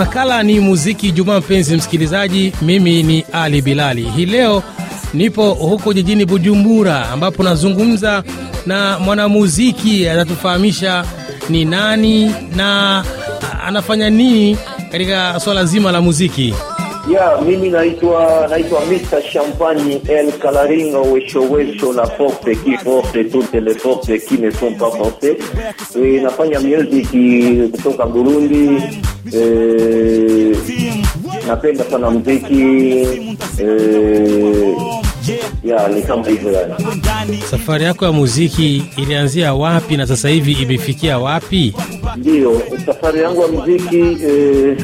Makala ni muziki Jumaa. Mpenzi msikilizaji, mimi ni Ali Bilali. Hii leo nipo huko jijini Bujumbura, ambapo nazungumza na mwanamuziki anatufahamisha ni nani na anafanya nini katika swala zima la muziki. Yeah, mimi naitwa naitwa Mr. Champagne El Calaringo Wesho Wesho la forte qui forte toutes les fortes qui ne sont pas fortes. E, nafanya music kutoka Burundi. E, napenda sana muziki. E, ya ni kama hivyo yani. Safari yako ya muziki ilianzia wapi na sasa hivi imefikia wapi? ndio safari yangu ya muziki e,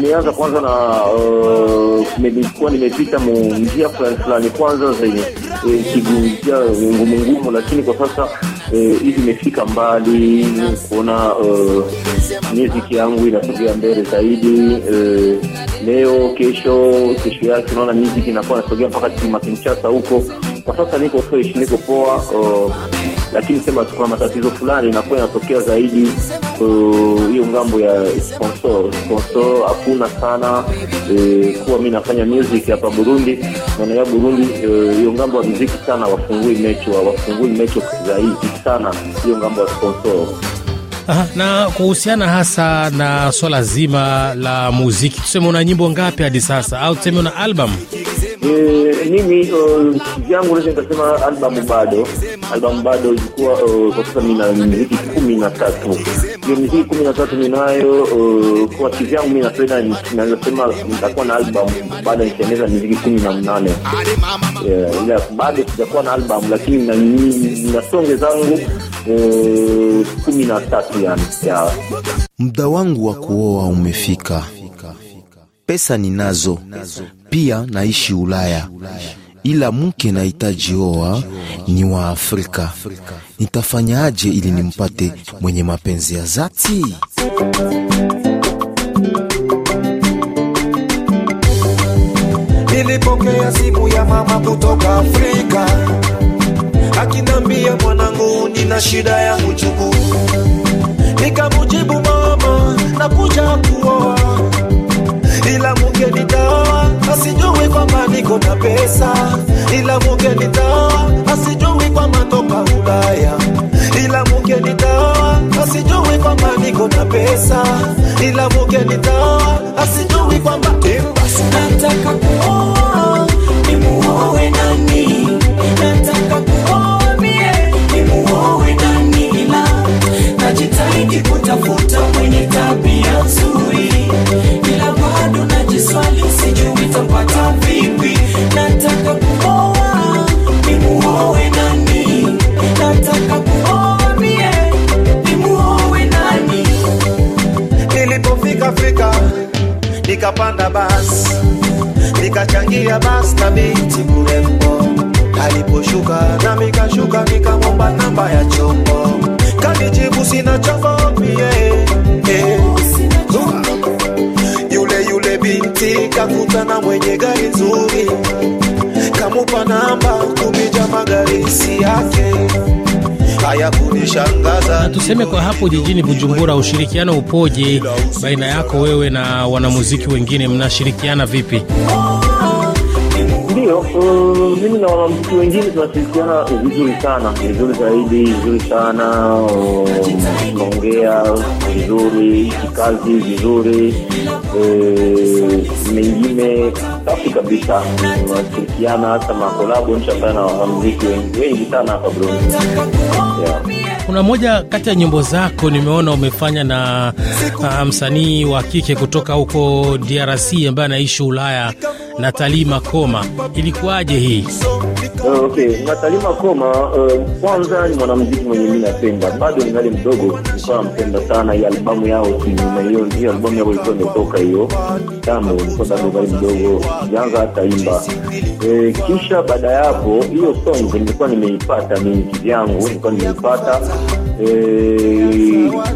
nimeanza kwanza na uh, nilikuwa nimepita njia fulani fulani kwanza zenye kiguja ngumu ngumu, lakini kwa sasa e, hivi imefika mbali kuona uh, muziki yangu inasogea mbele zaidi. E, leo kesho, kesho yake unaona muziki inakuwa inasogea mpaka Kinshasa huko. Kwa sasa niko fresh, niko poa. Uh, lakini sema kuna matatizo fulani inakuwa inatokea zaidi uh, hiyo uh, ngambo ya sponsor sponsor hakuna sana uh, kuwa mi nafanya music hapa burundi manaya burundi eh, hiyo uh, ngambo ya muziki sana wafungui mecho wafungui mecho zaidi sana hiyo ngambo ya sponsor Aha, na kuhusiana hasa na swala zima la muziki tuseme una nyimbo ngapi hadi sasa au tuseme una albamu Eh, mimi vyangu eh, uh, naweza nikasema albamu bado albamu bado ilikuwa uh, kwa sasa miziki kumi na tatu hiyo miziki kumi na tatu ninayo uh, kwa kivyangu mi napenda nazasema nitakuwa na albamu bado nitengeneza miziki kumi na mnane yeah, yeah, bado sijakuwa na albamu lakini na, na songe zangu uh, kumi na tatu yani yeah. wangu wa kuoa umefika pesa ninazo pia naishi Ulaya, ila mke nahitaji oa ni wa Afrika. Nitafanyaje ili nimpate mwenye mapenzi ya zati? Nilipokea simu ya mama kutoka Afrika akinambia, mwanangu, nina shida ya uchungu. Nikamujibu, mama, nakuja kuoa ila mke asijue kwamba niko na pesa, ila mugeni dawa Na tuseme kwa hapo jijini Bujumbura, ushirikiano upoje baina yako wewe na wanamuziki wengine? Mnashirikiana vipi? ndio uh, mimi na wanamziki wengine tunashirikiana vizuri sana vizuri zaidi vizuri sana tunaongea uh, vizuri kikazi vizuri uh, mengine safi kabisa tunashirikiana hata makolabo nishafanya na wanamziki wengi sana hapa burundi kuna moja kati ya nyimbo zako nimeona umefanya na uh, msanii wa kike kutoka huko DRC ambaye anaishi Ulaya Natali Makoma, ilikuwaje hii? Ah, okay, Natali Makoma eh, kwanza, ni mwanamuziki mwenye mimi napenda, bado ningali mdogo, nikawa mpenda sana hii albamu yao hiyo, hiyo albamu yao ilikuwa imetoka hiyo tano, nilikuwa bado ngali mdogo, janza hata imba e, kisha baada ya hapo hiyo song nilikuwa nimeipata mimi kivyangu, nilikuwa nimeipata e,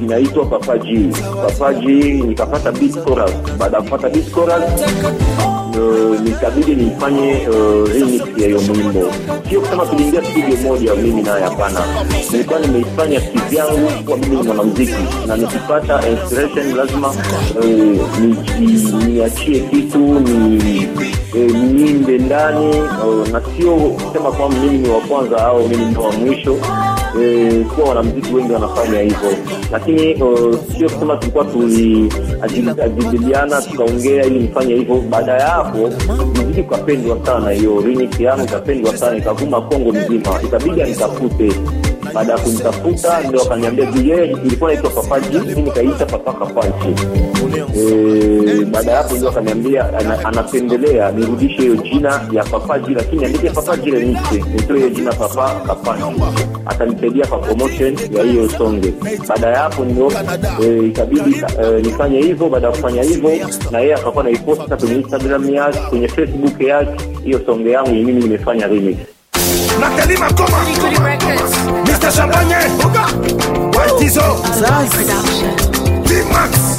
inaitwa Papaji Papaji, nikapata beat chorus, baada ya kupata beat chorus Eh, nitabidi nifanye remix eh, ya hiyo mwimbo, sio kama tuliingia studio moja mimi naye, hapana. Nilikuwa nimeifanya kivyangu kwa mimi ni mwanamuziki, na nikipata inspiration lazima eh, niachie ni kitu ni e, ndani na sio kusema kwamba mimi ni wa kwanza au mimi ni wa mwisho e, kuwa wanamziki wengi wanafanya hivyo lakini eh, sio kusema tulikuwa tuliajadiliana tukaongea ili nifanye hivyo baada ya hapo mziki ukapendwa sana hiyo rini yangu ikapendwa sana ikavuma kongo mzima ikabidi anitafute baada ya kunitafuta ndio wakaniambia DJ, ilikuwa inaitwa Papaji, mimi nikaita Papa Kapaji. Eh, baada ya hapo ndio akaniambia ana, anapendelea nirudishe hiyo jina ya Papaji, lakini andike Papaji ile niche, nitoe hiyo jina Papa Kapaji. atanisaidia kwa promotion ya hiyo songe. Baada ya hapo ndio eh, ikabidi eh, nifanye hivyo. Baada ya kufanya hivyo, na yeye akakuwa naiposta kwenye Instagram yake, kwenye Facebook yake, hiyo songe yangu mimi nimefanya remix. Natelima, come Mr. Champagne, Whitey Zaz, D-Max.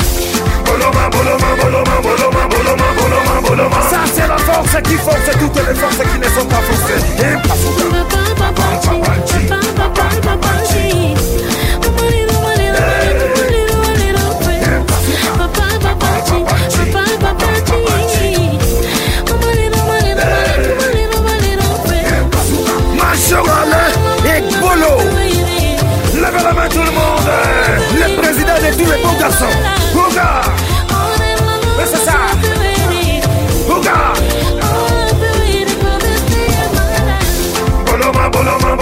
Boloma, boloma, boloma, boloma, boloma, boloma, boloma. Ça, c'est la force qui force toutes les forces qui ne sont pas forcées. Et pas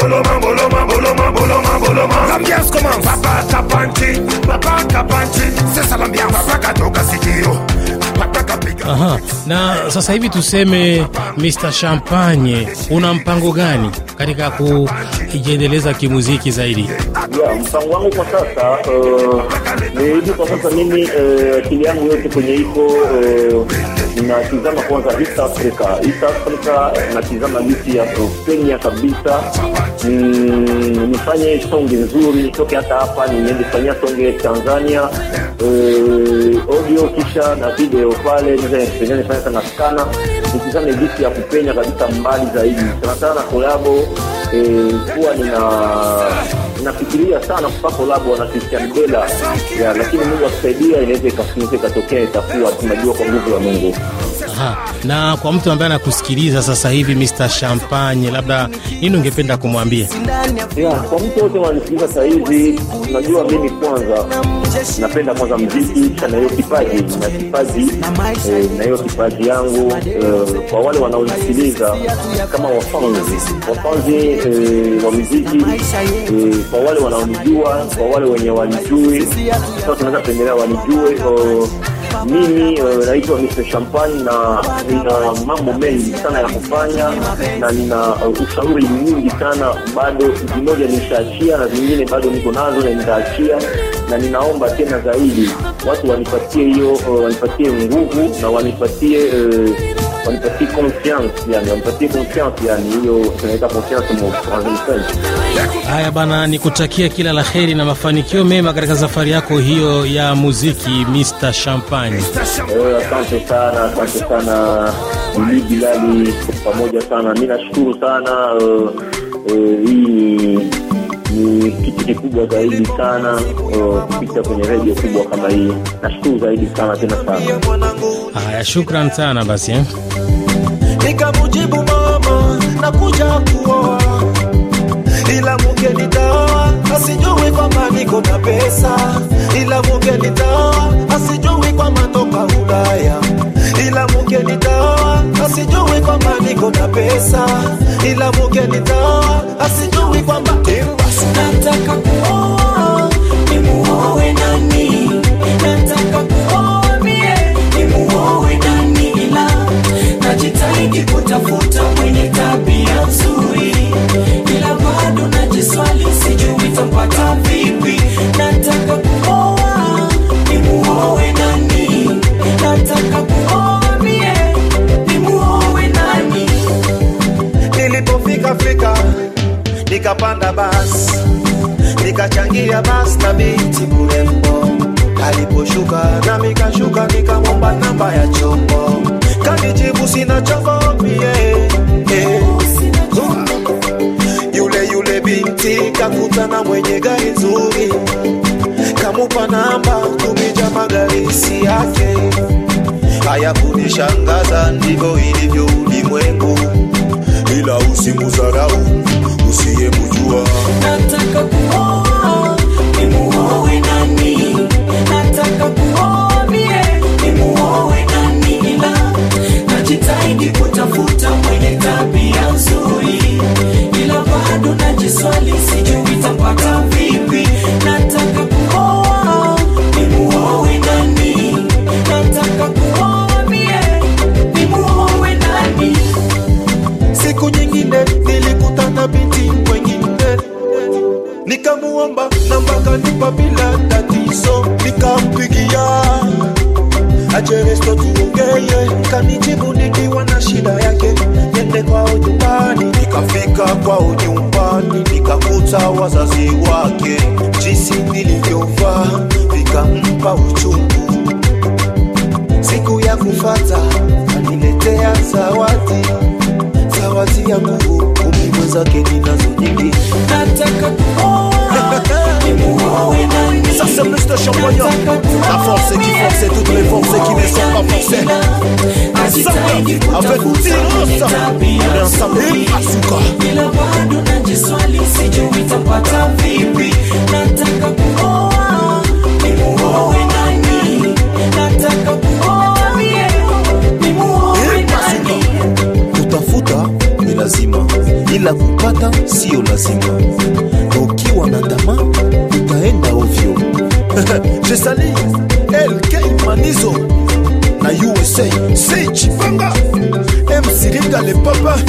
boloma, boloma, boloma, boloma, boloma. L'ambiance commence. Papa papa l'ambiance. Papa katoka sikio, Aha. Na sasa hivi tuseme, Mr Champagne, una mpango gani katika kujiendeleza kimuziki zaidi? Yeah, mpango wangu kwa sasa uh, ni hivi. Kwa sasa mimi eh, akili uh, yangu yote kwenye iko uh, eh, ninatizama kwanza East Africa. East Africa natizama miti ya kupenya kabisa. Mm, nifanye songi nzuri nitoke hata hapa nimejifanyia songi Tanzania eh, audio kisha na video pale niweza nifanya sana sana nitizame jinsi ya kupenya kabisa mbali zaidi sana sana kolabo kuwa eh, nina nafikiria sana kufa labo na Christian Bella, lakini Mungu akusaidia inaweza ikatokea, itakuwa tunajua kwa nguvu ya Mungu. Aha. Na kwa mtu ambaye anakusikiliza sasa hivi, Mr Champagne, labda nini ungependa kumwambia? Yeah, kwa mtu wote wanisikiliza sasa hivi, unajua mimi kwanza napenda kwanza mziki na hiyo kipaji na kipaji eh, na hiyo kipaji yangu eh, kwa wale wanaonisikiliza kama wafanzi wafanzi eh, wa muziki eh, kwa wale wanaonijua, kwa wale wenye wanijui, sasa tunaweza pendelea wanijue oh, mimi uh, eh, Mr. Champagne na nina mambo mengi sana ya kufanya na nina uh, ushauri mwingi sana bado, vimoja nishaachia na vingine bado niko nazo na nitaachia, na ninaomba tena zaidi watu wanipatie hiyo uh, wanipatie nguvu na wanipatie uh, wanipatie confiance yani, wanipatie confiance yani, hiyo tunaita confiance mwa. Haya bana, nikutakia kila la heri na mafanikio mema katika safari yako hiyo ya muziki Mr Champagne. Eh, asante sana, asante sana Bilali Bilali, pamoja sana. Mi nashukuru sana eh, eh, hii ni kitu kikubwa zaidi sana kupita kwenye redio kubwa kama hii. Nashukuru zaidi sana tena sana. Haya, shukran sana basi eh? Nikamujibu mama, kuja kuoa ila mke nitaoa, asijui kwamba niko na pesa, ila mke nitaoa, asijui kwamba toka Ulaya vipi? Nilipofika Afrika nikapanda basi, nikachangia basi na binti mrembo, aliposhuka nami kashuka, nikamwomba namba ya chombo, kanijibu sina chombo namba kupitia magarisi yake haya kunishangaza ndivyo ilivyo ulimwengu, ila usimuzarau usiyemujua Nataka kuona nikamuomba namba kanipa bila tatizo, nikampigia aje resto kanijibu nikiwa na shida yake, nende kwao nyumbani. Nikafika kwao nyumbani, nikakuta wazazi wake, jinsi nilivyovaa vikampa uchungu. Siku ya kufata kaniletea zawadi, zawadi ya nguvu, kumi mwenzake ninazo nyingi, nataka kuoa ça c'est plus de champignons La force qui force et toutes les forces qui ne sont pas forcées. Ensemble, avec tirance, on est ensemble. Asuka. les peuples,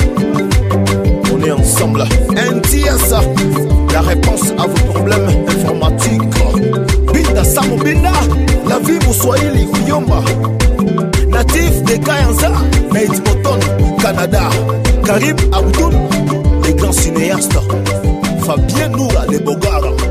On est ensemble. NTSA, la réponse à vos problèmes informatiques. Binda Samobina, la vie vous soyez les Kuyomba. Natif de Kayanza, Nate Moton, Canada. Karim Abdoun, les grands cinéastes. Fabien Noura, les Bogara.